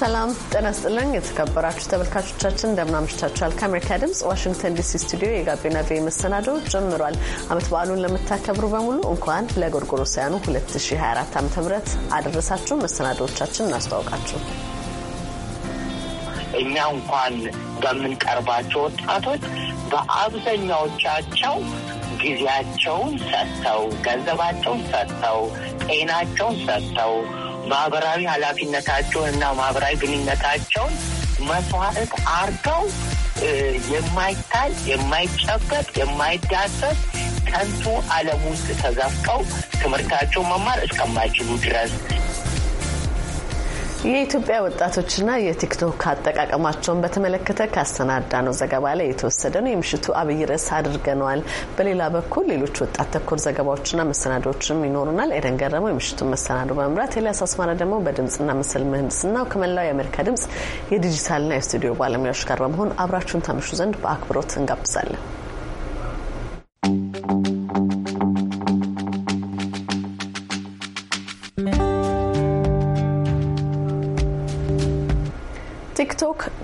ሰላም ጤና ይስጥልኝ። የተከበራችሁ ተመልካቾቻችን እንደምናምሽታችኋል። ከአሜሪካ ድምጽ ዋሽንግተን ዲሲ ስቱዲዮ የጋቢና ቪ መሰናዶ ጀምሯል። አመት በዓሉን ለምታከብሩ በሙሉ እንኳን ለጎርጎሮሳውያኑ 2024 ዓ ም አደረሳችሁ። መሰናዶዎቻችን እናስተዋውቃችሁ። እኛ እንኳን በምንቀርባቸው ወጣቶች በአብዛኛዎቻቸው ጊዜያቸውን ሰጥተው ገንዘባቸውን ሰጥተው ጤናቸውን ሰጥተው ማህበራዊ ኃላፊነታቸውን እና ማህበራዊ ግንኙነታቸውን መስዋዕት አርገው የማይታይ የማይጨበጥ የማይዳሰስ ከንቱ ዓለም ውስጥ ተዘፍቀው ትምህርታቸው መማር እስከማይችሉ ድረስ የኢትዮጵያ ወጣቶችና የቲክቶክ አጠቃቀማቸውን በተመለከተ ካሰናዳ ነው ዘገባ ላይ የተወሰደ ነው። የምሽቱ አብይ ርዕስ አድርገነዋል። በሌላ በኩል ሌሎች ወጣት ተኮር ዘገባዎችና መሰናዶዎችም ይኖሩናል። ኤደን ገረመው የምሽቱን መሰናዶ በመምራት ኤልያስ አስማራ ደግሞ በድምፅና ምስል ምህንድስናው ከመላው የአሜሪካ ድምፅ የዲጂታልና የስቱዲዮ ባለሙያዎች ጋር በመሆን አብራችሁን ታመሹ ዘንድ በአክብሮት እንጋብዛለን።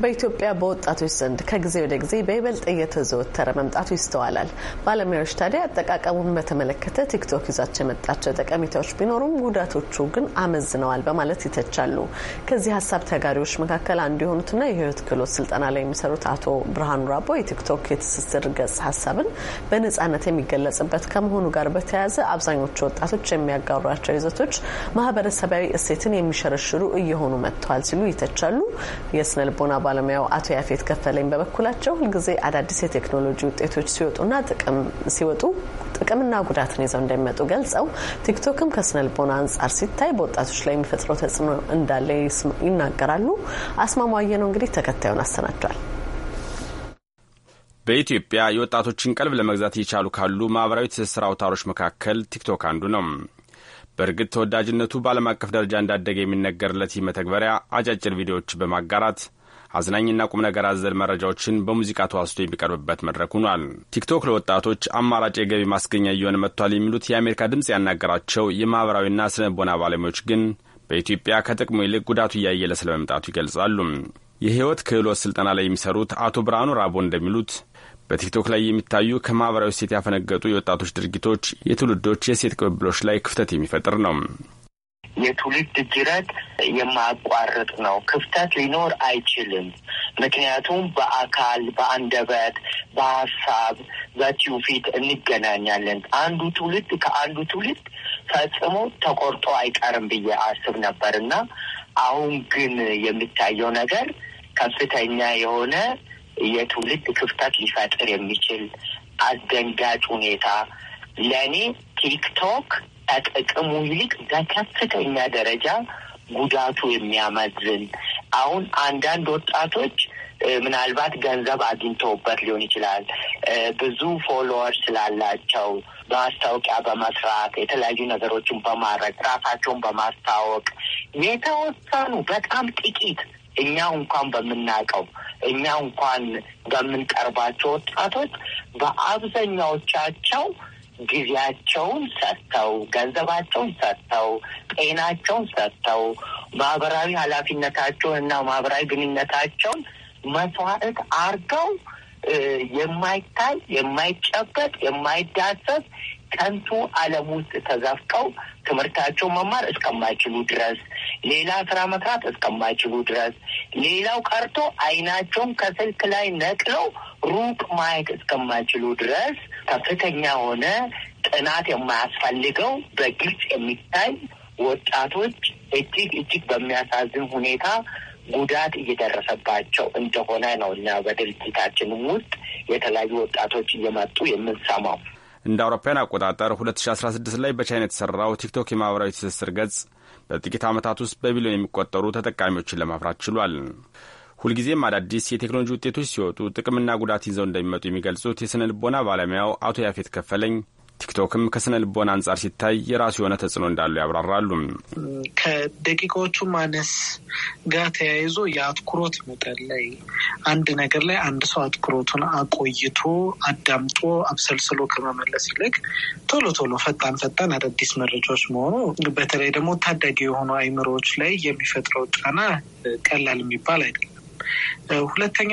በኢትዮጵያ በወጣቶች ዘንድ ከጊዜ ወደ ጊዜ በይበልጥ እየተዘወተረ መምጣቱ ይስተዋላል። ባለሙያዎች ታዲያ አጠቃቀሙን በተመለከተ ቲክቶክ ይዛቸው የመጣቸው ጠቀሜታዎች ቢኖሩም ጉዳቶቹ ግን አመዝነዋል በማለት ይተቻሉ። ከዚህ ሀሳብ ተጋሪዎች መካከል አንዱ የሆኑትና የህይወት ክህሎት ስልጠና ላይ የሚሰሩት አቶ ብርሃኑ ራቦ የቲክቶክ የትስስር ገጽ ሀሳብን በነጻነት የሚገለጽበት ከመሆኑ ጋር በተያያዘ አብዛኞቹ ወጣቶች የሚያጋሯቸው ይዘቶች ማህበረሰባዊ እሴትን የሚሸረሽሩ እየሆኑ መጥተዋል ሲሉ ይተቻሉ። የስነ የጥገና ባለሙያው አቶ ያፌት ከፈለኝ በበኩላቸው ሁልጊዜ አዳዲስ የቴክኖሎጂ ውጤቶች ሲወጡና ጥቅም ሲወጡ ጥቅምና ጉዳትን ይዘው እንደሚመጡ ገልጸው ቲክቶክም ከስነልቦና አንጻር ሲታይ በወጣቶች ላይ የሚፈጥረው ተጽዕኖ እንዳለ ይናገራሉ። አስማማየ ነው እንግዲህ ተከታዩን አሰናድቷል። በኢትዮጵያ የወጣቶችን ቀልብ ለመግዛት እየቻሉ ካሉ ማህበራዊ ትስስር አውታሮች መካከል ቲክቶክ አንዱ ነው። በእርግጥ ተወዳጅነቱ በዓለም አቀፍ ደረጃ እንዳደገ የሚነገርለት ይህ መተግበሪያ አጫጭር ቪዲዮዎች በማጋራት አዝናኝና ቁም ነገር አዘል መረጃዎችን በሙዚቃ ተዋስቶ የሚቀርብበት መድረክ ሆኗል። ቲክቶክ ለወጣቶች አማራጭ የገቢ ማስገኛ እየሆነ መጥቷል የሚሉት የአሜሪካ ድምፅ ያናገራቸው የማኅበራዊና ስነ ልቦና ባለሙያዎች ግን በኢትዮጵያ ከጥቅሙ ይልቅ ጉዳቱ እያየለ ስለመምጣቱ ይገልጻሉ። የህይወት ክህሎት ስልጠና ላይ የሚሰሩት አቶ ብርሃኑ ራቦ እንደሚሉት በቲክቶክ ላይ የሚታዩ ከማኅበራዊ ሴት ያፈነገጡ የወጣቶች ድርጊቶች የትውልዶች የሴት ቅብብሎች ላይ ክፍተት የሚፈጥር ነው። የትውልድ ጅረት የማያቋርጥ ነው። ክፍተት ሊኖር አይችልም። ምክንያቱም በአካል በአንደበት፣ በሀሳብ፣ ፊት እንገናኛለን። አንዱ ትውልድ ከአንዱ ትውልድ ፈጽሞ ተቆርጦ አይቀርም ብዬ አስብ ነበር እና አሁን ግን የሚታየው ነገር ከፍተኛ የሆነ የትውልድ ክፍተት ሊፈጥር የሚችል አስደንጋጭ ሁኔታ ለእኔ ቲክቶክ ከጥቅሙ ይልቅ በከፍተኛ ደረጃ ጉዳቱ የሚያመዝን አሁን አንዳንድ ወጣቶች ምናልባት ገንዘብ አግኝተውበት ሊሆን ይችላል። ብዙ ፎሎወር ስላላቸው በማስታወቂያ በመስራት የተለያዩ ነገሮችን በማድረግ ራሳቸውን በማስታወቅ የተወሰኑ በጣም ጥቂት እኛ እንኳን በምናውቀው እኛ እንኳን በምንቀርባቸው ወጣቶች በአብዛኛዎቻቸው ጊዜያቸውን ሰጥተው ገንዘባቸውን ሰጥተው ጤናቸውን ሰጥተው ማህበራዊ ኃላፊነታቸውን እና ማህበራዊ ግንኙነታቸውን መስዋዕት አርገው የማይታይ የማይጨበጥ የማይዳሰስ ከንቱ ዓለም ውስጥ ተዘፍቀው ትምህርታቸው መማር እስከማይችሉ ድረስ ሌላ ስራ መስራት እስከማይችሉ ድረስ ሌላው ቀርቶ አይናቸውን ከስልክ ላይ ነቅለው ሩቅ ማየት እስከማይችሉ ድረስ ከፍተኛ የሆነ ጥናት የማያስፈልገው በግልጽ የሚታይ ወጣቶች እጅግ እጅግ በሚያሳዝን ሁኔታ ጉዳት እየደረሰባቸው እንደሆነ ነው እና በድርጅታችን ውስጥ የተለያዩ ወጣቶች እየመጡ የምንሰማው እንደ አውሮፓውያን አቆጣጠር 2016 ላይ በቻይና የተሰራው ቲክቶክ የማህበራዊ ትስስር ገጽ በጥቂት ዓመታት ውስጥ በቢሊዮን የሚቆጠሩ ተጠቃሚዎችን ለማፍራት ችሏል። ሁልጊዜም አዳዲስ የቴክኖሎጂ ውጤቶች ሲወጡ ጥቅምና ጉዳት ይዘው እንደሚመጡ የሚገልጹት የሥነ ልቦና ባለሙያው አቶ ያፌት ከፈለኝ ቲክቶክም ከስነ ልቦና አንጻር ሲታይ የራሱ የሆነ ተጽዕኖ እንዳሉ ያብራራሉ። ከደቂቃዎቹ ማነስ ጋር ተያይዞ የአትኩሮት መጠን ላይ አንድ ነገር ላይ አንድ ሰው አትኩሮቱን አቆይቶ አዳምጦ አብሰልስሎ ከመመለስ ይልቅ ቶሎ ቶሎ ፈጣን ፈጣን አዳዲስ መረጃዎች መሆኑ በተለይ ደግሞ ታዳጊ የሆኑ አይምሮዎች ላይ የሚፈጥረው ጫና ቀላል የሚባል አይደለም። ሁለተኛ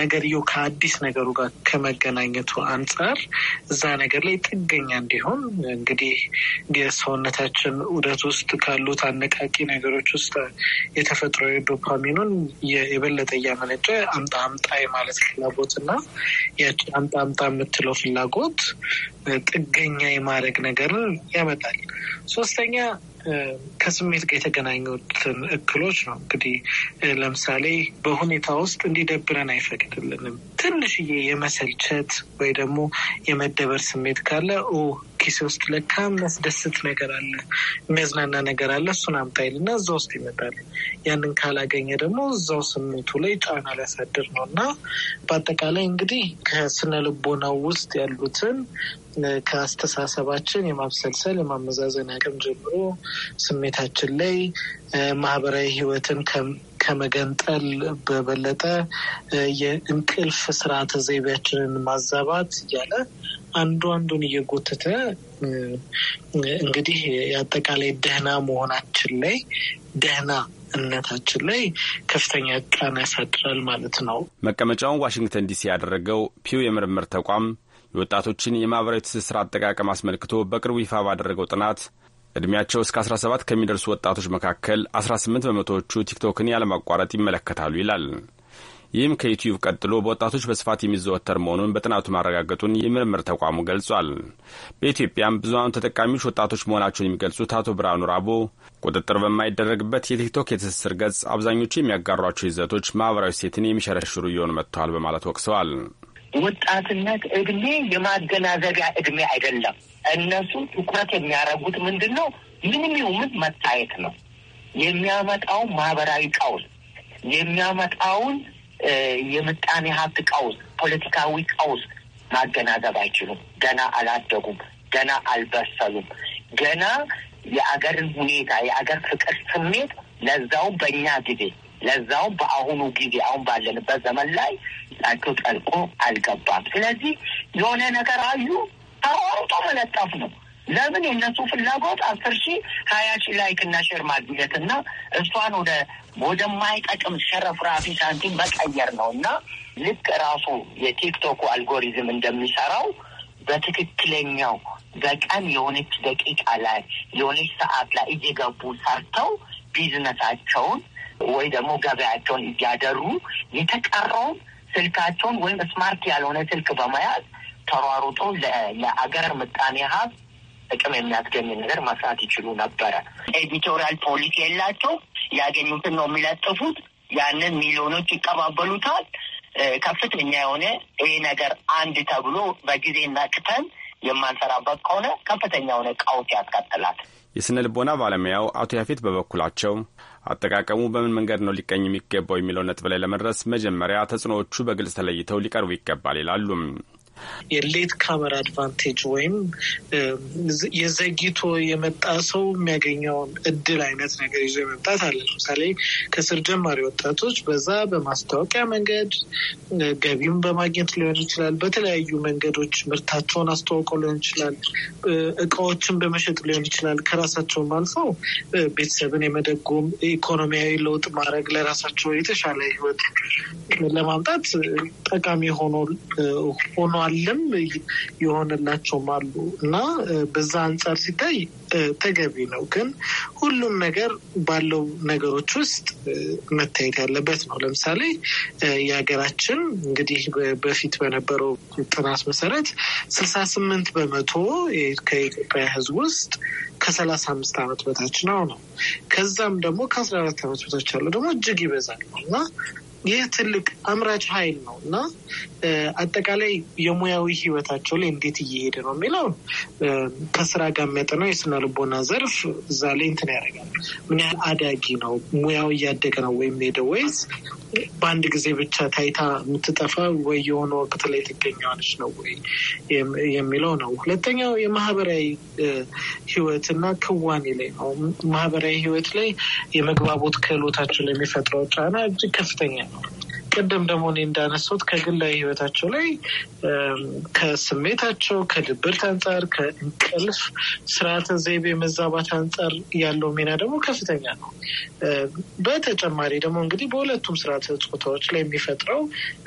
ነገርየው ከአዲስ ነገሩ ጋር ከመገናኘቱ አንጻር እዛ ነገር ላይ ጥገኛ እንዲሆን እንግዲህ የሰውነታችን ውደት ውስጥ ካሉት አነቃቂ ነገሮች ውስጥ የተፈጥሮ ዶፓሚኑን የበለጠ እያመነጨ አምጣ አምጣ የማለት ፍላጎት እና ያቺ አምጣ አምጣ የምትለው ፍላጎት ጥገኛ የማድረግ ነገርን ያመጣል። ሶስተኛ ከስሜት ጋር የተገናኙትን እክሎች ነው። እንግዲህ ለምሳሌ በሁኔታ ውስጥ እንዲደብረን አይፈቅድልንም። ትንሽዬ የመሰልቸት ወይ ደግሞ የመደበር ስሜት ካለ ኪሴ ውስጥ ለካ የሚያስደስት ነገር አለ፣ የሚያዝናና ነገር አለ፣ እሱን አምጣ ይልና እዛ ውስጥ ይመጣል። ያንን ካላገኘ ደግሞ እዛው ስሜቱ ላይ ጫና ሊያሳድር ነው እና በአጠቃላይ እንግዲህ ከስነ ልቦናው ውስጥ ያሉትን ከአስተሳሰባችን የማብሰልሰል የማመዛዘን አቅም ጀምሮ ስሜታችን ላይ ማህበራዊ ህይወትን ከመገንጠል በበለጠ የእንቅልፍ ስርዓተ ዘይቤያችንን ማዛባት እያለ አንዱ አንዱን እየጎተተ እንግዲህ የአጠቃላይ ደህና መሆናችን ላይ ደህና እምነታችን ላይ ከፍተኛ ጫና ያሳድራል ማለት ነው። መቀመጫውን ዋሽንግተን ዲሲ ያደረገው ፒው የምርምር ተቋም የወጣቶችን የማህበራዊ ትስስር አጠቃቀም አስመልክቶ በቅርቡ ይፋ ባደረገው ጥናት ዕድሜያቸው እስከ 17 ከሚደርሱ ወጣቶች መካከል 18 በመቶዎቹ ቲክቶክን ያለማቋረጥ ይመለከታሉ ይላል። ይህም ከዩትዩብ ቀጥሎ በወጣቶች በስፋት የሚዘወተር መሆኑን በጥናቱ ማረጋገጡን የምርምር ተቋሙ ገልጿል። በኢትዮጵያም ብዙሀኑ ተጠቃሚዎች ወጣቶች መሆናቸውን የሚገልጹት አቶ ብርሃኑ ራቦ ቁጥጥር በማይደረግበት የቲክቶክ የትስስር ገጽ አብዛኞቹ የሚያጋሯቸው ይዘቶች ማህበራዊ ሴትን የሚሸረሽሩ እየሆኑ መጥተዋል በማለት ወቅሰዋል። ወጣትነት እድሜ የማገናዘቢያ እድሜ አይደለም። እነሱ ትኩረት የሚያደርጉት ምንድን ነው? ምንም ይሁን መታየት ነው የሚያመጣውን ማህበራዊ ቀውስ የሚያመጣውን የምጣኔ ሀብት ቀውስ፣ ፖለቲካዊ ቀውስ ማገናዘብ አይችሉም። ገና አላደጉም። ገና አልበሰሉም። ገና የአገርን ሁኔታ የአገር ፍቅር ስሜት ለዛውም በእኛ ጊዜ ለዛውም በአሁኑ ጊዜ አሁን ባለንበት ዘመን ላይ ላቸው ጠልቆ አልገባም። ስለዚህ የሆነ ነገር አዩ አዋውጦ መለጠፍ ነው። ለምን የእነሱ ፍላጎት አስር ሺህ ሀያ ሺህ ላይክ እና ሼር ማግኘት እና እሷን ወደ ወደማይጠቅም ሸረፍራፊ ሳንቲም መቀየር ነው እና ልክ ራሱ የቲክቶኩ አልጎሪዝም እንደሚሰራው በትክክለኛው በቀን የሆነች ደቂቃ ላይ የሆነች ሰዓት ላይ እየገቡ ሰርተው ቢዝነሳቸውን ወይ ደግሞ ገበያቸውን እያደሩ የተቀረውን ስልካቸውን ወይም ስማርት ያልሆነ ስልክ በመያዝ ተሯሩጦ ለአገር ምጣኔ ሀብት ጥቅም የሚያስገኝ ነገር መስራት ይችሉ ነበረ። ኤዲቶሪያል ፖሊሲ የላቸው። ያገኙትን ነው የሚለጥፉት። ያንን ሚሊዮኖች ይቀባበሉታል። ከፍተኛ የሆነ ይሄ ነገር አንድ ተብሎ በጊዜ ቅተን የማንሰራበት ከሆነ ከፍተኛ የሆነ ቀውስ ያስከትላል። የስነ ልቦና ባለሙያው አቶ ያፌት በበኩላቸው አጠቃቀሙ በምን መንገድ ነው ሊቀኝ የሚገባው የሚለው ነጥብ ላይ ለመድረስ መጀመሪያ ተጽዕኖዎቹ በግልጽ ተለይተው ሊቀርቡ ይገባል ይላሉም። የሌት ካመር አድቫንቴጅ ወይም የዘግይቶ የመጣ ሰው የሚያገኘውን እድል አይነት ነገር ይዞ የመምጣት አለ። ለምሳሌ ከስር ጀማሪ ወጣቶች በዛ በማስታወቂያ መንገድ ገቢም በማግኘት ሊሆን ይችላል። በተለያዩ መንገዶች ምርታቸውን አስተዋውቀው ሊሆን ይችላል። እቃዎችን በመሸጥ ሊሆን ይችላል። ከራሳቸውም አልፈው ቤተሰብን የመደጎም ኢኮኖሚያዊ ለውጥ ማድረግ ለራሳቸው የተሻለ ህይወት ለማምጣት ጠቃሚ ሆኖ ሆኗል አለም የሆነላቸውም አሉ እና በዛ አንጻር ሲታይ ተገቢ ነው። ግን ሁሉም ነገር ባለው ነገሮች ውስጥ መታየት ያለበት ነው። ለምሳሌ የሀገራችን እንግዲህ በፊት በነበረው ጥናት መሰረት ስልሳ ስምንት በመቶ ከኢትዮጵያ ሕዝብ ውስጥ ከሰላሳ አምስት ዓመት በታች ነው ነው ከዛም ደግሞ ከአስራ አራት ዓመት በታች ያለው ደግሞ እጅግ ይበዛል እና ይህ ትልቅ አምራች ኃይል ነው እና አጠቃላይ የሙያዊ ህይወታቸው ላይ እንዴት እየሄደ ነው የሚለው ከስራ ጋር የሚያጠናው የስነ ልቦና ዘርፍ እዛ ላይ እንትን ያደርጋል። ምን ያህል አዳጊ ነው ሙያው እያደገ ነው ወይም ሄደ ወይስ በአንድ ጊዜ ብቻ ታይታ የምትጠፋ ወይ የሆነ ወቅት ላይ ትገኘዋለች ነው ወይ የሚለው ነው። ሁለተኛው የማህበራዊ ህይወት እና ክዋኔ ላይ ነው። ማህበራዊ ህይወት ላይ የመግባቦት ክህሎታችን የሚፈጥረው ጫና እጅግ ከፍተኛ ነው። ቅድም ደግሞ እኔ እንዳነሱት ከግላዊ ህይወታቸው ላይ ከስሜታቸው፣ ከድብርት አንጻር፣ ከእንቅልፍ ስርዓተ ዘይቤ መዛባት አንጻር ያለው ሚና ደግሞ ከፍተኛ ነው። በተጨማሪ ደግሞ እንግዲህ በሁለቱም ስርዓተ ጾታዎች ላይ የሚፈጥረው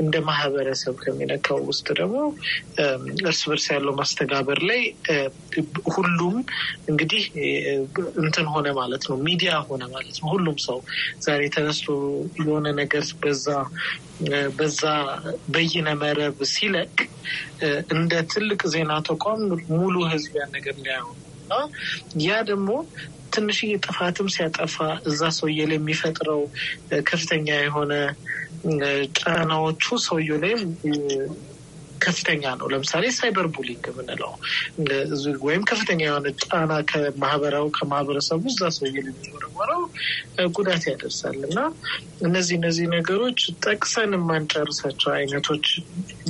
እንደ ማህበረሰብ ከሚነካው ውስጥ ደግሞ እርስ በርስ ያለው ማስተጋበር ላይ ሁሉም እንግዲህ እንትን ሆነ ማለት ነው፣ ሚዲያ ሆነ ማለት ነው። ሁሉም ሰው ዛሬ ተነስቶ የሆነ ነገር በዛ በዛ በይነ መረብ ሲለቅ እንደ ትልቅ ዜና ተቋም ሙሉ ህዝብ ያን ነገር ሊያየው እና ያ ደግሞ ትንሽዬ ጥፋትም ሲያጠፋ እዛ ሰውዬ ላይ የሚፈጥረው ከፍተኛ የሆነ ጫናዎቹ ሰውዬ ላይም ከፍተኛ ነው። ለምሳሌ ሳይበር ቡሊንግ የምንለው ወይም ከፍተኛ የሆነ ጫና ከማህበራዊ ከማህበረሰቡ እዛ ሰው የሚወረወረው ጉዳት ያደርሳል እና እነዚህ እነዚህ ነገሮች ጠቅሰን የማንጨርሳቸው አይነቶች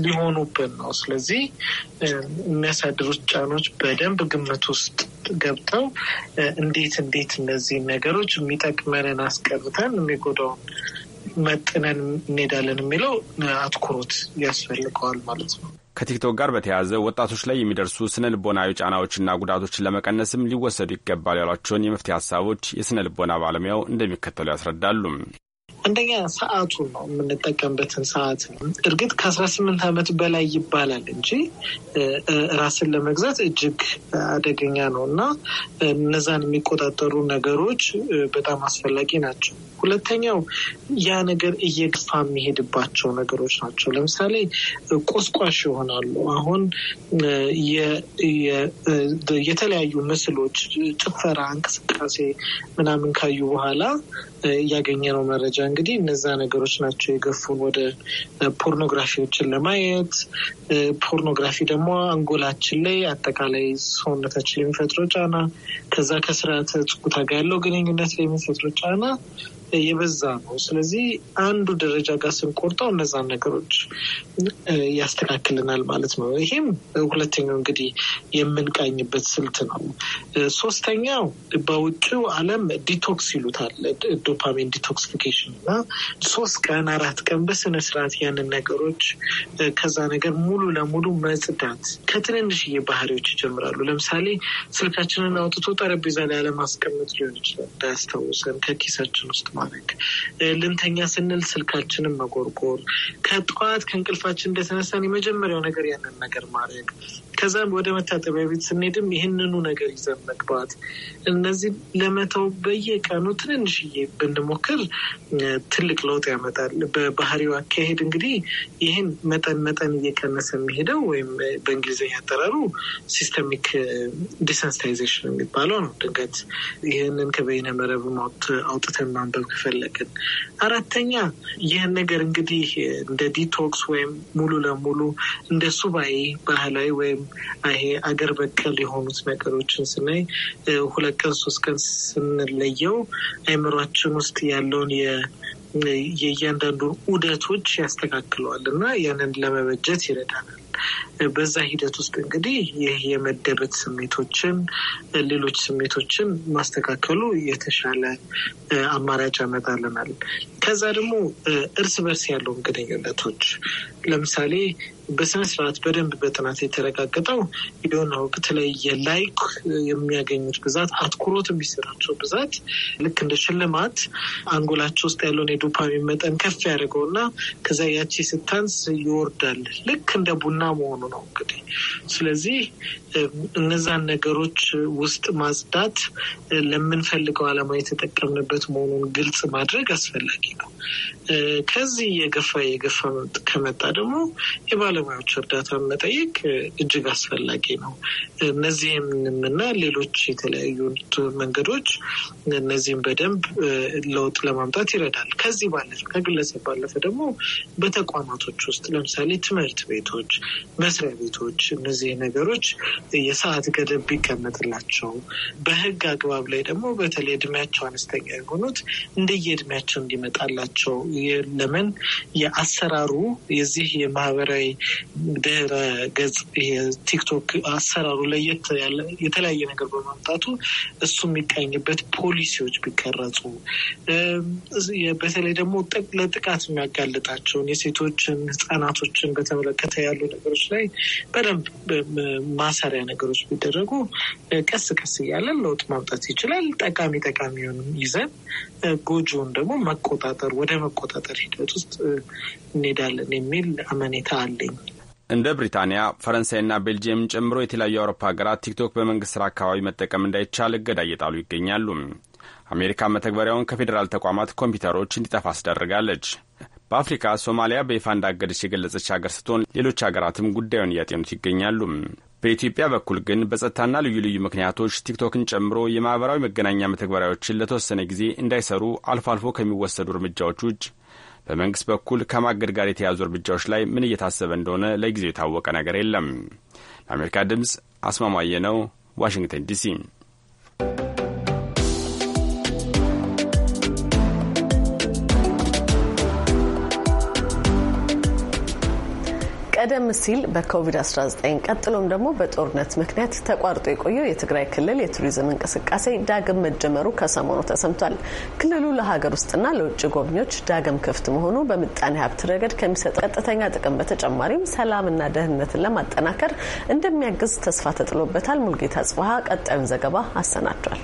ሊሆኑብን ነው። ስለዚህ የሚያሳድሩት ጫኖች በደንብ ግምት ውስጥ ገብተው እንዴት እንዴት እነዚህ ነገሮች የሚጠቅመንን አስቀርተን የሚጎዳውን መጥነን እንሄዳለን የሚለው አትኩሮት ያስፈልገዋል ማለት ነው። ከቲክቶክ ጋር በተያያዘ ወጣቶች ላይ የሚደርሱ ስነ ልቦናዊ ጫናዎችና ጉዳቶችን ለመቀነስም ሊወሰዱ ይገባል ያሏቸውን የመፍትሄ ሀሳቦች የስነ ልቦና ባለሙያው እንደሚከተሉ ያስረዳሉ። አንደኛ ሰዓቱን ነው የምንጠቀምበትን ሰዓት ነው። እርግጥ ከአስራ ስምንት ዓመት በላይ ይባላል እንጂ ራስን ለመግዛት እጅግ አደገኛ ነው እና እነዛን የሚቆጣጠሩ ነገሮች በጣም አስፈላጊ ናቸው። ሁለተኛው ያ ነገር እየገፋ የሚሄድባቸው ነገሮች ናቸው። ለምሳሌ ቆስቋሽ ይሆናሉ። አሁን የተለያዩ ምስሎች፣ ጭፈራ፣ እንቅስቃሴ ምናምን ካዩ በኋላ ነው መረጃ እንግዲህ እነዛ ነገሮች ናቸው የገፉን ወደ ፖርኖግራፊዎችን ለማየት። ፖርኖግራፊ ደግሞ አንጎላችን ላይ አጠቃላይ ሰውነታችን የሚፈጥረው ጫና፣ ከዛ ከስርዓተ ጾታ ጋር ያለው ግንኙነት ላይ የሚፈጥረው ጫና የበዛ ነው። ስለዚህ አንዱ ደረጃ ጋር ስንቆርጠው እነዛን ነገሮች ያስተካክልናል ማለት ነው። ይሄም ሁለተኛው እንግዲህ የምንቃኝበት ስልት ነው። ሶስተኛው በውጭው ዓለም ዲቶክስ ይሉታል፣ ዶፓሚን ዲቶክሲፊኬሽን እና ሶስት ቀን አራት ቀን ስርዓት ያንን ነገሮች ከዛ ነገር ሙሉ ለሙሉ መጽዳት ከትንንሽዬ ባህሪዎች ይጀምራሉ። ለምሳሌ ስልካችንን አውጥቶ ጠረጴዛ ላይ አለማስቀመጥ ሊሆን ይችላል፣ እንዳያስታውሰን ከኪሳችን ውስጥ ማድረግ፣ ልንተኛ ስንል ስልካችንን መጎርጎር፣ ከጠዋት ከእንቅልፋችን እንደተነሳን የመጀመሪያው ነገር ያንን ነገር ማድረግ፣ ከዛም ወደ መታጠቢያ ቤት ስንሄድም ይህንኑ ነገር ይዘን መግባት፣ እነዚህ ለመተው በየቀኑ ትንንሽዬ ብንሞክር ትልቅ ለውጥ ያመጣል። በባህሪው አካሄድ እንግዲህ ይህን መጠን መጠን እየቀነሰ የሚሄደው ወይም በእንግሊዝኛ አጠራሩ ሲስተሚክ ዲሰንስታይዜሽን የሚባለው ነው። ድንገት ይህንን ከበይነ መረብ አውጥተን ማንበብ ከፈለግን። አራተኛ ይህን ነገር እንግዲህ እንደ ዲቶክስ ወይም ሙሉ ለሙሉ እንደ ሱባኤ ባህላዊ ወይም ይሄ አገር በቀል የሆኑት ነገሮችን ስናይ ሁለት ቀን ሶስት ቀን ስንለየው አይምሯችን ውስጥ ያለውን የእያንዳንዱ ዑደቶች ያስተካክለዋል እና ያንን ለመበጀት ይረዳናል። በዛ ሂደት ውስጥ እንግዲህ ይህ የመደበት ስሜቶችን፣ ሌሎች ስሜቶችን ማስተካከሉ የተሻለ አማራጭ ያመጣልናል። ከዛ ደግሞ እርስ በርስ ያለውን ግንኙነቶች ለምሳሌ በስነስርዓት በደንብ በጥናት የተረጋገጠው የሆነ በተለይ የላይክ የሚያገኙት ብዛት አትኩሮት የሚሰራቸው ብዛት ልክ እንደ ሽልማት አንጎላቸው ውስጥ ያለውን የዶፓሚን መጠን ከፍ ያደርገው እና ከዛ ያቺ ስታንስ ይወርዳል። ልክ እንደ ቡና መሆኑ ነው እንግዲህ። ስለዚህ እነዛን ነገሮች ውስጥ ማጽዳት ለምንፈልገው ዓላማ የተጠቀምንበት መሆኑን ግልጽ ማድረግ አስፈላጊ ነው። ከዚህ የገፋ የገፋ ከመጣ ደግሞ የባለ ባለሙያዎች እርዳታ መጠየቅ እጅግ አስፈላጊ ነው። እነዚህ የምንምና ሌሎች የተለያዩ መንገዶች እነዚህም በደንብ ለውጥ ለማምጣት ይረዳል። ከዚህ ባለፈ ከግለሰብ ባለፈ ደግሞ በተቋማቶች ውስጥ ለምሳሌ ትምህርት ቤቶች፣ መስሪያ ቤቶች እነዚህ ነገሮች የሰዓት ገደብ ቢቀመጥላቸው በህግ አግባብ ላይ ደግሞ በተለይ እድሜያቸው አነስተኛ የሆኑት እንደየእድሜያቸው እንዲመጣላቸው ለምን የአሰራሩ የዚህ የማህበራዊ ድህረ ገጽ ቲክቶክ አሰራሩ ለየት ያለ የተለያየ ነገር በማምጣቱ እሱ የሚቃኝበት ፖሊሲዎች ቢቀረጹ በተለይ ደግሞ ለጥቃት የሚያጋልጣቸውን የሴቶችን፣ ህጻናቶችን በተመለከተ ያሉ ነገሮች ላይ በደንብ ማሰሪያ ነገሮች ቢደረጉ ቀስ ቀስ እያለን ለውጥ ማምጣት ይችላል። ጠቃሚ ጠቃሚውን ይዘን ጎጆውን ደግሞ መቆጣጠር ወደ መቆጣጠር ሂደት ውስጥ እንሄዳለን የሚል አመኔታ አለኝ። እንደ ብሪታንያ ፈረንሳይና ቤልጅየም ጨምሮ የተለያዩ የአውሮፓ ሀገራት ቲክቶክ በመንግሥት ሥራ አካባቢ መጠቀም እንዳይቻል እገዳ እየጣሉ ይገኛሉ። አሜሪካ መተግበሪያውን ከፌዴራል ተቋማት ኮምፒውተሮች እንዲጠፋ አስደርጋለች። በአፍሪካ ሶማሊያ በይፋ እንዳገደች የገለጸች ሀገር ስትሆን ሌሎች ሀገራትም ጉዳዩን እያጤኑት ይገኛሉ። በኢትዮጵያ በኩል ግን በጸጥታና ልዩ ልዩ ምክንያቶች ቲክቶክን ጨምሮ የማኅበራዊ መገናኛ መተግበሪያዎችን ለተወሰነ ጊዜ እንዳይሰሩ አልፎ አልፎ ከሚወሰዱ እርምጃዎች ውጭ በመንግስት በኩል ከማገድ ጋር የተያዙ እርምጃዎች ላይ ምን እየታሰበ እንደሆነ ለጊዜው የታወቀ ነገር የለም። ለአሜሪካ ድምፅ አስማማየ ነው፣ ዋሽንግተን ዲሲ ቀደም ሲል በኮቪድ-19 ቀጥሎም ደግሞ በጦርነት ምክንያት ተቋርጦ የቆየው የትግራይ ክልል የቱሪዝም እንቅስቃሴ ዳግም መጀመሩ ከሰሞኑ ተሰምቷል። ክልሉ ለሀገር ውስጥና ለውጭ ጎብኚዎች ዳግም ክፍት መሆኑ በምጣኔ ሀብት ረገድ ከሚሰጠው ቀጥተኛ ጥቅም በተጨማሪም ሰላምና ደህንነትን ለማጠናከር እንደሚያግዝ ተስፋ ተጥሎበታል። ሙልጌታ ጽበሀ ቀጣዩን ዘገባ አሰናድቷል።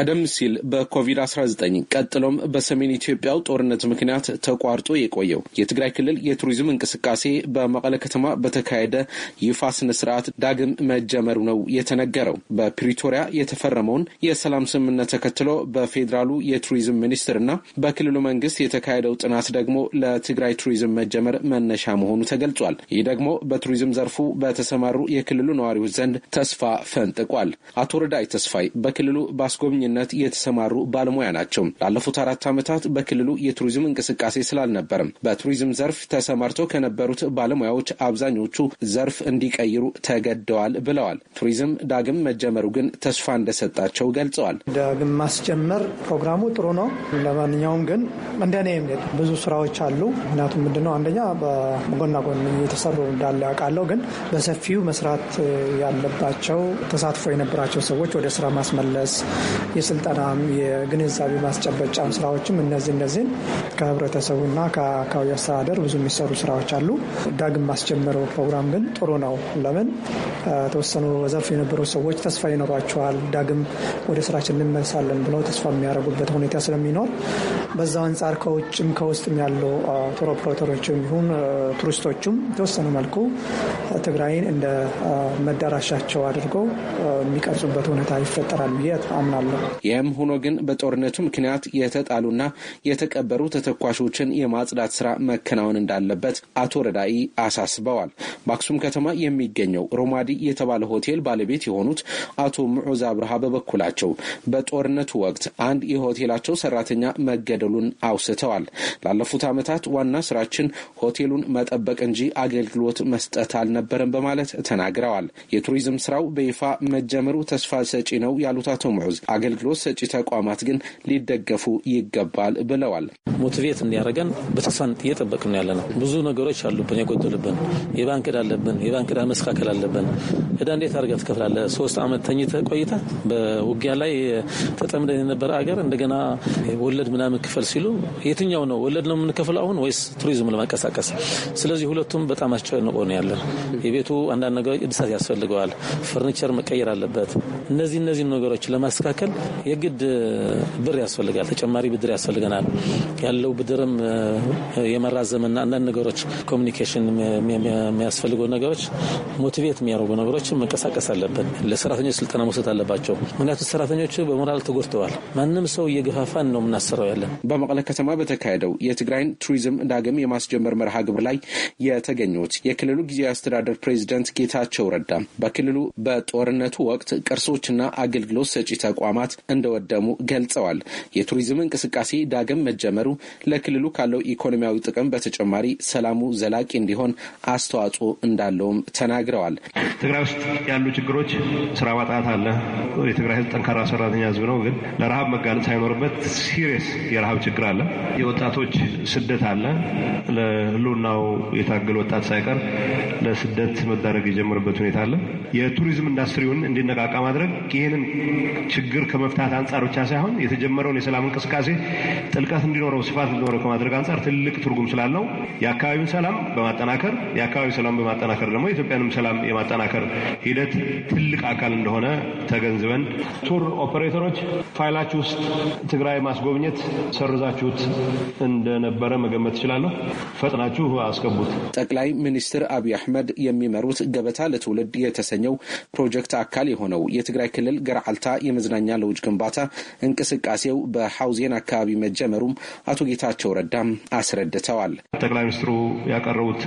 ቀደም ሲል በኮቪድ-19 ቀጥሎም በሰሜን ኢትዮጵያው ጦርነት ምክንያት ተቋርጦ የቆየው የትግራይ ክልል የቱሪዝም እንቅስቃሴ በመቀለ ከተማ በተካሄደ ይፋ ስነ ስርዓት ዳግም መጀመሩ ነው የተነገረው። በፕሪቶሪያ የተፈረመውን የሰላም ስምምነት ተከትሎ በፌዴራሉ የቱሪዝም ሚኒስትርና በክልሉ መንግስት የተካሄደው ጥናት ደግሞ ለትግራይ ቱሪዝም መጀመር መነሻ መሆኑ ተገልጿል። ይህ ደግሞ በቱሪዝም ዘርፉ በተሰማሩ የክልሉ ነዋሪዎች ዘንድ ተስፋ ፈንጥቋል። አቶ ረዳይ ተስፋይ በክልሉ ባስጎብኝ በአሰልጣኝነት የተሰማሩ ባለሙያ ናቸው። ላለፉት አራት ዓመታት በክልሉ የቱሪዝም እንቅስቃሴ ስላልነበርም በቱሪዝም ዘርፍ ተሰማርተው ከነበሩት ባለሙያዎች አብዛኞቹ ዘርፍ እንዲቀይሩ ተገደዋል ብለዋል። ቱሪዝም ዳግም መጀመሩ ግን ተስፋ እንደሰጣቸው ገልጸዋል። ዳግም ማስጀመር ፕሮግራሙ ጥሩ ነው። ለማንኛውም ግን እንደኔ ብዙ ስራዎች አሉ። ምክንያቱም ምንድነው አንደኛ በጎና ጎን እየተሰሩ እንዳለ ያውቃለሁ። ግን በሰፊው መስራት ያለባቸው ተሳትፎ የነበራቸው ሰዎች ወደ ስራ ማስመለስ የስልጠና የግንዛቤ ማስጨበጫ ስራዎችም እነዚህ እነዚህን ከህብረተሰቡና ከአካባቢ አስተዳደር ብዙ የሚሰሩ ስራዎች አሉ። ዳግም ማስጀመረው ፕሮግራም ግን ጥሩ ነው። ለምን ተወሰኑ በዘርፍ የነበሩ ሰዎች ተስፋ ይኖሯቸዋል። ዳግም ወደ ስራችን እንመልሳለን ብለው ተስፋ የሚያደርጉበት ሁኔታ ስለሚኖር በዛ አንጻር ከውጭም ከውስጥም ያሉ ቱር ኦፕሬተሮችም ይሁን ቱሪስቶችም የተወሰነ መልኩ ትግራይን እንደ መዳረሻቸው አድርገው የሚቀርጹበት ሁኔታ ይፈጠራል ብዬ አምናለሁ። ይህም ሆኖ ግን በጦርነቱ ምክንያት የተጣሉና የተቀበሩ ተተኳሾችን የማጽዳት ስራ መከናወን እንዳለበት አቶ ረዳኢ አሳስበዋል። በአክሱም ከተማ የሚገኘው ሮማዲ የተባለ ሆቴል ባለቤት የሆኑት አቶ ምዑዝ አብርሃ በበኩላቸው በጦርነቱ ወቅት አንድ የሆቴላቸው ሰራተኛ መገደሉን አውስተዋል። ላለፉት ዓመታት ዋና ስራችን ሆቴሉን መጠበቅ እንጂ አገልግሎት መስጠት አልነበረም በማለት ተናግረዋል። የቱሪዝም ስራው በይፋ መጀመሩ ተስፋ ሰጪ ነው ያሉት አቶ ምዑዝ አገልግሎት ሰጪ ተቋማት ግን ሊደገፉ ይገባል ብለዋል። ሞቲቬት እንዲያደርገን በተስፋን እየጠበቅን ያለ ነው። ብዙ ነገሮች አሉብን፣ የጎደሉብን የባንክ ዕዳ አለብን። የባንክ ዕዳ መስካከል አለብን። ዕዳ እንዴት አድርገህ ትከፍላለ? ሶስት ዓመት ተኝተ ቆይታ በውጊያ ላይ ተጠምደን የነበረ አገር እንደገና ወለድ ምናምን ክፈል ሲሉ የትኛው ነው ወለድ ነው የምንከፍለው አሁን ወይስ ቱሪዝም ለመንቀሳቀስ? ስለዚህ ሁለቱም በጣም አስጨንቆ ነው ያለ። የቤቱ አንዳንድ ነገሮች እድሳት ያስፈልገዋል። ፈርኒቸር መቀየር አለበት። እነዚህ እነዚህ ነገሮች ለማስተካከል የግድ ብር ያስፈልጋል፣ ተጨማሪ ብድር ያስፈልገናል። ያለው ብድርም የመራዘምና አንዳንድ ነገሮች ኮሚኒኬሽን የሚያስፈልገው ነገሮች ሞቲቬት የሚያደርጉ ነገሮችን መንቀሳቀስ አለብን። ለሰራተኞች ስልጠና መውሰድ አለባቸው። ምክንያቱም ሰራተኞቹ በሞራል ተጎድተዋል። ማንም ሰው እየገፋፋን ነው የምናሰራው ያለን። በመቀለ ከተማ በተካሄደው የትግራይን ቱሪዝም ዳግም የማስጀመር መርሃ ግብር ላይ የተገኙት የክልሉ ጊዜያዊ አስተዳደር ፕሬዚደንት ጌታቸው ረዳ በክልሉ በጦርነቱ ወቅት ቅርሶችና አገልግሎት ሰጪ ተቋማት እንደወደሙ ገልጸዋል። የቱሪዝም እንቅስቃሴ ዳግም መጀመሩ ለክልሉ ካለው ኢኮኖሚያዊ ጥቅም በተጨማሪ ሰላሙ ዘላቂ እንዲሆን አስተዋጽኦ እንዳለውም ተናግረዋል። ትግራይ ውስጥ ያሉ ችግሮች ስራ ማጣት አለ። የትግራይ ህዝብ ጠንካራ ሰራተኛ ህዝብ ነው። ግን ለረሃብ መጋለጥ ሳይኖርበት ሲሪየስ የረሃብ ችግር አለ። የወጣቶች ስደት አለ። ለህልውናው የታገል ወጣት ሳይቀር ለስደት መዳረግ የጀመረበት ሁኔታ አለ። የቱሪዝም ኢንዱስትሪውን እንዲነቃቃ ማድረግ ይህንን ችግር ከመፍታት አንጻር ብቻ ሳይሆን የተጀመረውን የሰላም እንቅስቃሴ ጥልቀት እንዲኖረው ስፋት እንዲኖረው ከማድረግ አንጻር ትልቅ ትርጉም ስላለው የአካባቢውን ሰላም በማጠናከር የአካባቢ ሰላም በማጠናከር ደግሞ የኢትዮጵያንም ሰላም የማጠናከር ሂደት ትልቅ አካል እንደሆነ ተገንዝበን ቱር ኦፐሬተሮች ፋይላችሁ ውስጥ ትግራይ ማስጎብኘት ሰርዛችሁት እንደነበረ መገመት ትችላለሁ። ፈጥናችሁ አስገቡት። ጠቅላይ ሚኒስትር አብይ አህመድ የሚመሩት ገበታ ለትውልድ የተሰኘው ፕሮጀክት አካል የሆነው የትግራይ ክልል ገርዓልታ የመዝናኛ ለውጅ ግንባታ እንቅስቃሴው በሐውዜን አካባቢ መጀመሩም አቶ ጌታቸው ረዳም አስረድተዋል። ጠቅላይ ሚኒስትሩ ያቀረቡት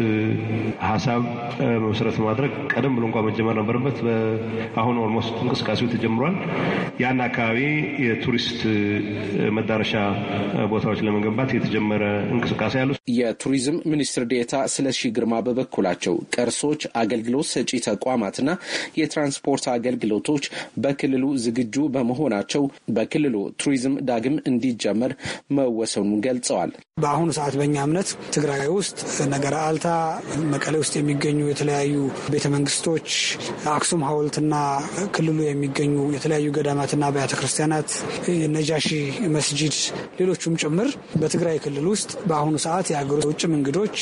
ሀሳብ መሰረት ማድረግ ቀደም ብሎ እንኳ መጀመር ነበረበት። አሁን ኦልሞስት እንቅስቃሴው ተጀምሯል። ያን አካባቢ የቱሪስት መዳረሻ ቦታዎች ለመገንባት የተጀመረ እንቅስቃሴ አሉ። የቱሪዝም ሚኒስትር ዴታ ስለሺ ግርማ በበኩላቸው ቅርሶች፣ አገልግሎት ሰጪ ተቋማትና የትራንስፖርት አገልግሎቶች በክልሉ ዝግጁ በመሆን በመሆናቸው በክልሉ ቱሪዝም ዳግም እንዲጀመር መወሰኑን ገልጸዋል። በአሁኑ ሰዓት በእኛ እምነት ትግራይ ውስጥ ነገረ አልታ፣ መቀሌ ውስጥ የሚገኙ የተለያዩ ቤተ መንግስቶች፣ አክሱም ሐውልትና ክልሉ የሚገኙ የተለያዩ ገዳማትና አብያተ ክርስቲያናት፣ ነጃሺ መስጂድ፣ ሌሎቹም ጭምር በትግራይ ክልል ውስጥ በአሁኑ ሰዓት የሀገር ውጭም እንግዶች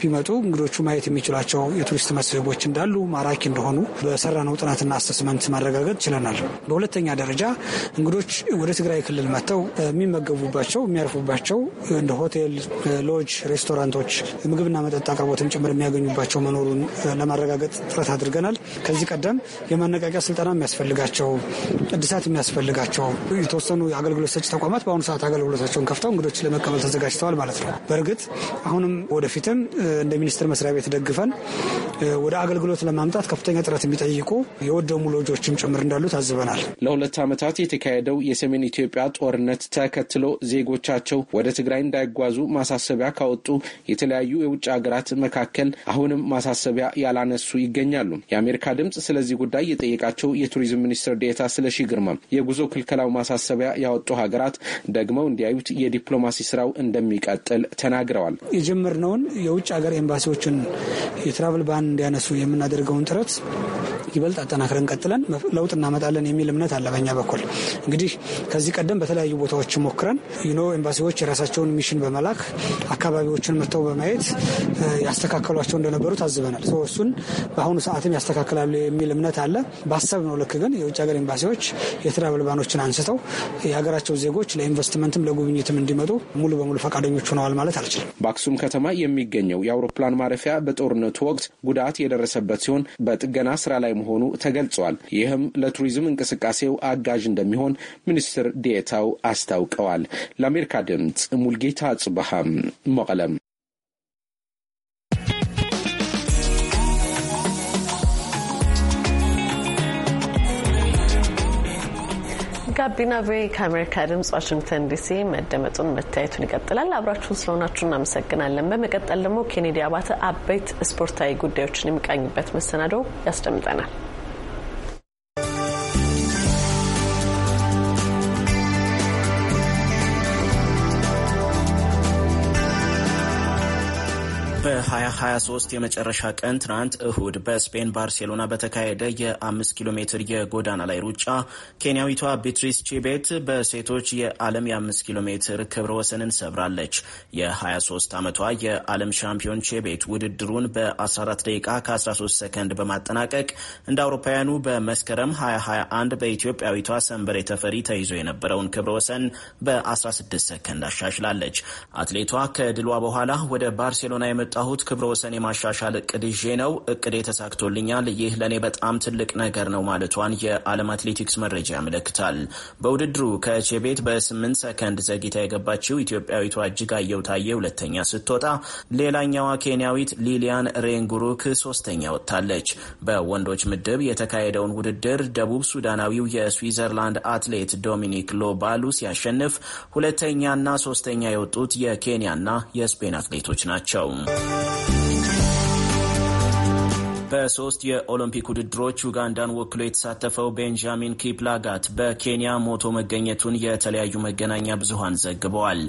ቢመጡ እንግዶቹ ማየት የሚችሏቸው የቱሪስት መስህቦች እንዳሉ ማራኪ እንደሆኑ በሰራነው ጥናትና አሰስመንት ማረጋገጥ ችለናል። በሁለተኛ ደረጃ እንግዶች ወደ ትግራይ ክልል መጥተው የሚመገቡባቸው የሚያርፉባቸው እንደ ሆቴል፣ ሎጅ፣ ሬስቶራንቶች ምግብና መጠጥ አቅርቦትም ጭምር የሚያገኙባቸው መኖሩን ለማረጋገጥ ጥረት አድርገናል። ከዚህ ቀደም የማነቃቂያ ስልጠና የሚያስፈልጋቸው እድሳት የሚያስፈልጋቸው የተወሰኑ የአገልግሎት ሰጪ ተቋማት በአሁኑ ሰዓት አገልግሎታቸውን ከፍተው እንግዶች ለመቀበል ተዘጋጅተዋል ማለት ነው። በእርግጥ አሁንም ወደፊትም እንደ ሚኒስቴር መስሪያ ቤት ደግፈን ወደ አገልግሎት ለማምጣት ከፍተኛ ጥረት የሚጠይቁ የወደሙ ሎጆችም ጭምር እንዳሉ ታዝበናል። ለሁለት ዓመታት በህወሓት የተካሄደው የሰሜን ኢትዮጵያ ጦርነት ተከትሎ ዜጎቻቸው ወደ ትግራይ እንዳይጓዙ ማሳሰቢያ ካወጡ የተለያዩ የውጭ ሀገራት መካከል አሁንም ማሳሰቢያ ያላነሱ ይገኛሉ። የአሜሪካ ድምፅ ስለዚህ ጉዳይ የጠየቃቸው የቱሪዝም ሚኒስትር ዴታ ስለሺ ግርማ የጉዞ ክልከላው ማሳሰቢያ ያወጡ ሀገራት ደግመው እንዲያዩት የዲፕሎማሲ ስራው እንደሚቀጥል ተናግረዋል። የጀመርነውን የውጭ ሀገር ኤምባሲዎችን የትራቭል ባን እንዲያነሱ የምናደርገውን ጥረት ይበልጥ አጠናክረን ቀጥለን ለውጥ እናመጣለን የሚል እምነት አለ በኛ በኩል። ይገኛል። እንግዲህ ከዚህ ቀደም በተለያዩ ቦታዎች ሞክረን ዩኖ ኤምባሲዎች የራሳቸውን ሚሽን በመላክ አካባቢዎችን መጥተው በማየት ያስተካከሏቸው እንደነበሩ ታዝበናል። እሱን በአሁኑ ሰዓትም ያስተካክላሉ የሚል እምነት አለ። ባሰብ ነው ልክ ግን የውጭ ሀገር ኤምባሲዎች የትራቭል ባኖችን አንስተው የሀገራቸው ዜጎች ለኢንቨስትመንትም ለጉብኝትም እንዲመጡ ሙሉ በሙሉ ፈቃደኞች ሆነዋል ማለት አልችልም። በአክሱም ከተማ የሚገኘው የአውሮፕላን ማረፊያ በጦርነቱ ወቅት ጉዳት የደረሰበት ሲሆን በጥገና ስራ ላይ መሆኑ ተገልጿል። ይህም ለቱሪዝም እንቅስቃሴው አጋዥ እንደሚሆን ሚኒስትር ዴታው አስታውቀዋል። ለአሜሪካ ድምፅ ሙልጌታ ጽብሃም መቀለም። ጋቢና ቬ ከአሜሪካ ድምጽ ዋሽንግተን ዲሲ መደመጡን መታየቱን ይቀጥላል። አብራችሁን ስለሆናችሁ እናመሰግናለን። በመቀጠል ደግሞ ኬኔዲ አባተ አበይት ስፖርታዊ ጉዳዮችን የሚቃኝበት መሰናዶ ያስደምጠናል። 2023 የመጨረሻ ቀን ትናንት እሁድ በስፔን ባርሴሎና በተካሄደ የ5 ኪሎ ሜትር የጎዳና ላይ ሩጫ ኬንያዊቷ ቢትሪስ ቺቤት በሴቶች የዓለም የ5 ኪሎ ሜትር ክብረ ወሰንን ሰብራለች። የ23 ዓመቷ የዓለም ሻምፒዮን ቺቤት ውድድሩን በ14 ደቂቃ ከ13 ሰከንድ በማጠናቀቅ እንደ አውሮፓውያኑ በመስከረም 2021 በኢትዮጵያዊቷ ሰንበሬ ተፈሪ ተይዞ የነበረውን ክብረ ወሰን በ16 ሰከንድ አሻሽላለች። አትሌቷ ከድሏ በኋላ ወደ ባርሴሎና የመጣሁት ያሉት ክብረ ወሰን የማሻሻል እቅድ ይዤ ነው። እቅዴ ተሳክቶልኛል። ይህ ለእኔ በጣም ትልቅ ነገር ነው ማለቷን የዓለም አትሌቲክስ መረጃ ያመለክታል። በውድድሩ ከቼቤት በስምንት ሰከንድ ዘግይታ የገባችው ኢትዮጵያዊቷ እጅጋየው ታዬ ሁለተኛ ስትወጣ፣ ሌላኛዋ ኬንያዊት ሊሊያን ሬንጉሩክ ሶስተኛ ወጥታለች። በወንዶች ምድብ የተካሄደውን ውድድር ደቡብ ሱዳናዊው የስዊዘርላንድ አትሌት ዶሚኒክ ሎባሉ ሲያሸንፍ ሁለተኛና ሶስተኛ የወጡት የኬንያና የስፔን አትሌቶች ናቸው። Thank you. በሶስት የኦሎምፒክ ውድድሮች ዩጋንዳን ወክሎ የተሳተፈው ቤንጃሚን ኪፕላጋት በኬንያ ሞቶ መገኘቱን የተለያዩ መገናኛ ብዙኃን ዘግበዋል።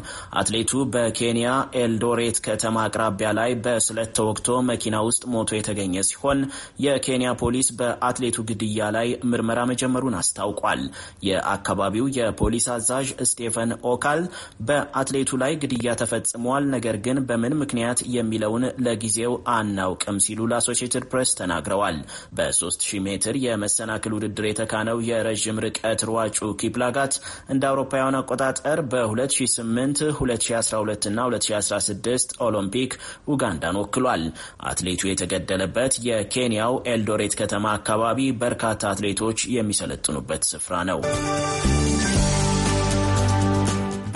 አትሌቱ በኬንያ ኤልዶሬት ከተማ አቅራቢያ ላይ በስለት ተወግቶ መኪና ውስጥ ሞቶ የተገኘ ሲሆን የኬንያ ፖሊስ በአትሌቱ ግድያ ላይ ምርመራ መጀመሩን አስታውቋል። የአካባቢው የፖሊስ አዛዥ ስቴፈን ኦካል በአትሌቱ ላይ ግድያ ተፈጽሟል፣ ነገር ግን በምን ምክንያት የሚለውን ለጊዜው አናውቅም ሲሉ ለአሶሺየትድ ፕሬስ ተናግረዋል። በ3000 ሜትር የመሰናክል ውድድር የተካነው የረዥም ርቀት ሯጩ ኪፕላጋት እንደ አውሮፓውያን አቆጣጠር በ2008፣ 2012 እና 2016 ኦሎምፒክ ኡጋንዳን ወክሏል። አትሌቱ የተገደለበት የኬንያው ኤልዶሬት ከተማ አካባቢ በርካታ አትሌቶች የሚሰለጥኑበት ስፍራ ነው።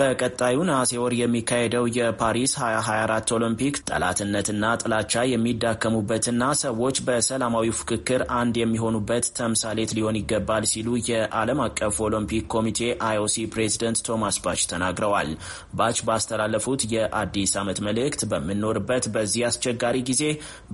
በቀጣዩ ነሐሴ ወር የሚካሄደው የፓሪስ 2024 ኦሎምፒክ ጠላትነትና ጥላቻ የሚዳከሙበትና ሰዎች በሰላማዊ ፍክክር አንድ የሚሆኑበት ተምሳሌት ሊሆን ይገባል ሲሉ የዓለም አቀፍ ኦሎምፒክ ኮሚቴ አይኦሲ ፕሬዝደንት ቶማስ ባች ተናግረዋል። ባች ባስተላለፉት የአዲስ ዓመት መልእክት በምንኖርበት በዚህ አስቸጋሪ ጊዜ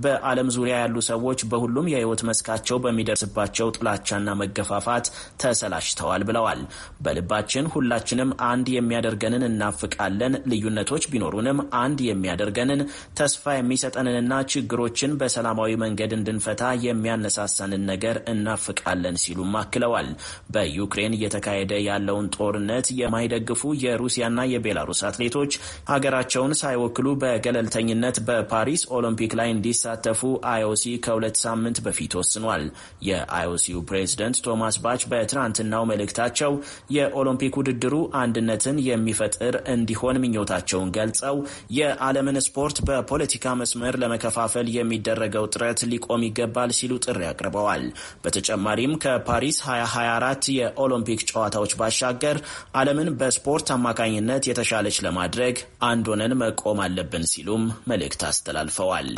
በዓለም ዙሪያ ያሉ ሰዎች በሁሉም የህይወት መስካቸው በሚደርስባቸው ጥላቻና መገፋፋት ተሰላችተዋል ብለዋል። በልባችን ሁላችንም አንድ የሚያደርግ የሚያደርገንን እናፍቃለን። ልዩነቶች ቢኖሩንም አንድ የሚያደርገንን ተስፋ የሚሰጠንንና ችግሮችን በሰላማዊ መንገድ እንድንፈታ የሚያነሳሳንን ነገር እናፍቃለን ሲሉም አክለዋል። በዩክሬን እየተካሄደ ያለውን ጦርነት የማይደግፉ የሩሲያና የቤላሩስ አትሌቶች ሀገራቸውን ሳይወክሉ በገለልተኝነት በፓሪስ ኦሎምፒክ ላይ እንዲሳተፉ አይኦሲ ከሁለት ሳምንት በፊት ወስኗል። የአይኦሲው ፕሬዝደንት ቶማስ ባች በትናንትናው መልእክታቸው የኦሎምፒክ ውድድሩ አንድነትን የሚ የሚፈጥር እንዲሆን ምኞታቸውን ገልጸው የዓለምን ስፖርት በፖለቲካ መስመር ለመከፋፈል የሚደረገው ጥረት ሊቆም ይገባል ሲሉ ጥሪ አቅርበዋል። በተጨማሪም ከፓሪስ 2024 የኦሎምፒክ ጨዋታዎች ባሻገር ዓለምን በስፖርት አማካኝነት የተሻለች ለማድረግ አንድ ሆነን መቆም አለብን ሲሉም መልእክት አስተላልፈዋል።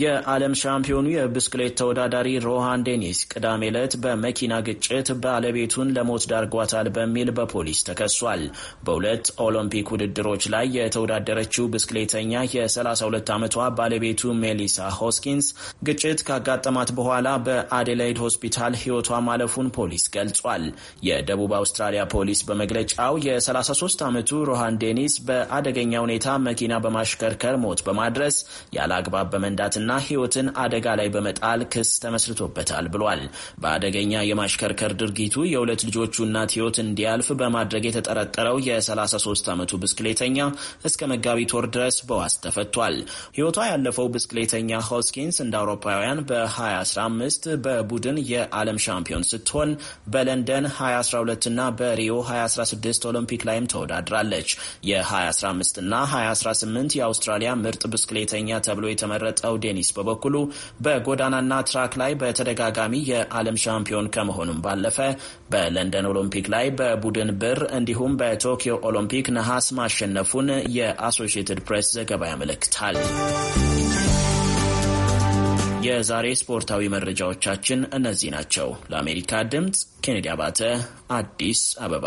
የዓለም ሻምፒዮኑ የብስክሌት ተወዳዳሪ ሮሃን ዴኒስ ቅዳሜ ዕለት በመኪና ግጭት ባለቤቱን ለሞት ዳርጓታል በሚል በፖሊስ ተከሷል። በሁለት ኦሎምፒክ ውድድሮች ላይ የተወዳደረችው ብስክሌተኛ የ32 ዓመቷ ባለቤቱ ሜሊሳ ሆስኪንስ ግጭት ካጋጠማት በኋላ በአዴላይድ ሆስፒታል ሕይወቷ ማለፉን ፖሊስ ገልጿል። የደቡብ አውስትራሊያ ፖሊስ በመግለጫው የ33 ዓመቱ ሮሃን ዴኒስ በአደገኛ ሁኔታ መኪና በማሽከርከር ሞት በማድረስ ያለ አግባብ በመንዳት በመጎዳትና ሕይወትን አደጋ ላይ በመጣል ክስ ተመስርቶበታል ብሏል። በአደገኛ የማሽከርከር ድርጊቱ የሁለት ልጆቹ እናት ህይወት እንዲያልፍ በማድረግ የተጠረጠረው የ33 ዓመቱ ብስክሌተኛ እስከ መጋቢት ወር ድረስ በዋስ ተፈቷል። ህይወቷ ያለፈው ብስክሌተኛ ሆስኪንስ እንደ አውሮፓውያን በ2015 በቡድን የዓለም ሻምፒዮን ስትሆን በለንደን 2012 እና በሪዮ 2016 ኦሎምፒክ ላይም ተወዳድራለች። የ2015 እና 2018 የአውስትራሊያ ምርጥ ብስክሌተኛ ተብሎ የተመረጠው ዴኒስ በበኩሉ በጎዳናና ትራክ ላይ በተደጋጋሚ የዓለም ሻምፒዮን ከመሆኑም ባለፈ በለንደን ኦሎምፒክ ላይ በቡድን ብር እንዲሁም በቶኪዮ ኦሎምፒክ ነሐስ ማሸነፉን የአሶሽየትድ ፕሬስ ዘገባ ያመለክታል። የዛሬ ስፖርታዊ መረጃዎቻችን እነዚህ ናቸው። ለአሜሪካ ድምፅ ኬኔዲ አባተ አዲስ አበባ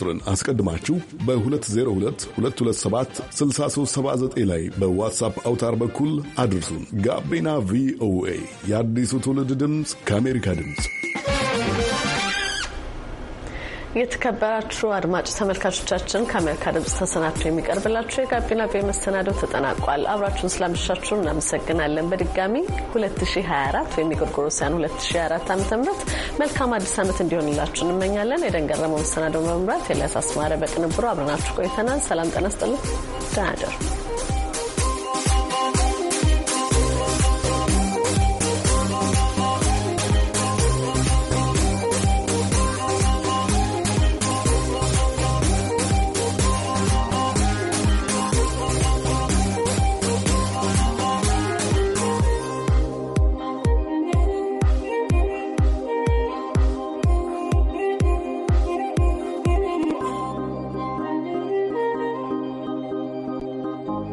ቁጥርን አስቀድማችሁ በ 6379 ላይ በዋትሳፕ አውታር በኩል አድርሱን። ጋቢና ቪኦኤ የአዲሱ ትውልድ ድምፅ ከአሜሪካ ድምፅ የተከበራችሁ አድማጭ ተመልካቾቻችን ከአሜሪካ ድምጽ ተሰናድቶ የሚቀርብላችሁ የጋቢና ቤ መሰናዶው ተጠናቋል። አብራችሁን ስላመሻችሁ እናመሰግናለን። በድጋሚ 2024 ወይም የጎርጎሮሳውያን 2024 ዓ ም መልካም አዲስ ዓመት እንዲሆንላችሁ እንመኛለን። የደንገረመው መሰናዶ መምራት ኤልያስ አስማረ፣ በቅንብሩ አብረናችሁ ቆይተናል። ሰላም ጠነስጥልን ደህና ደሩ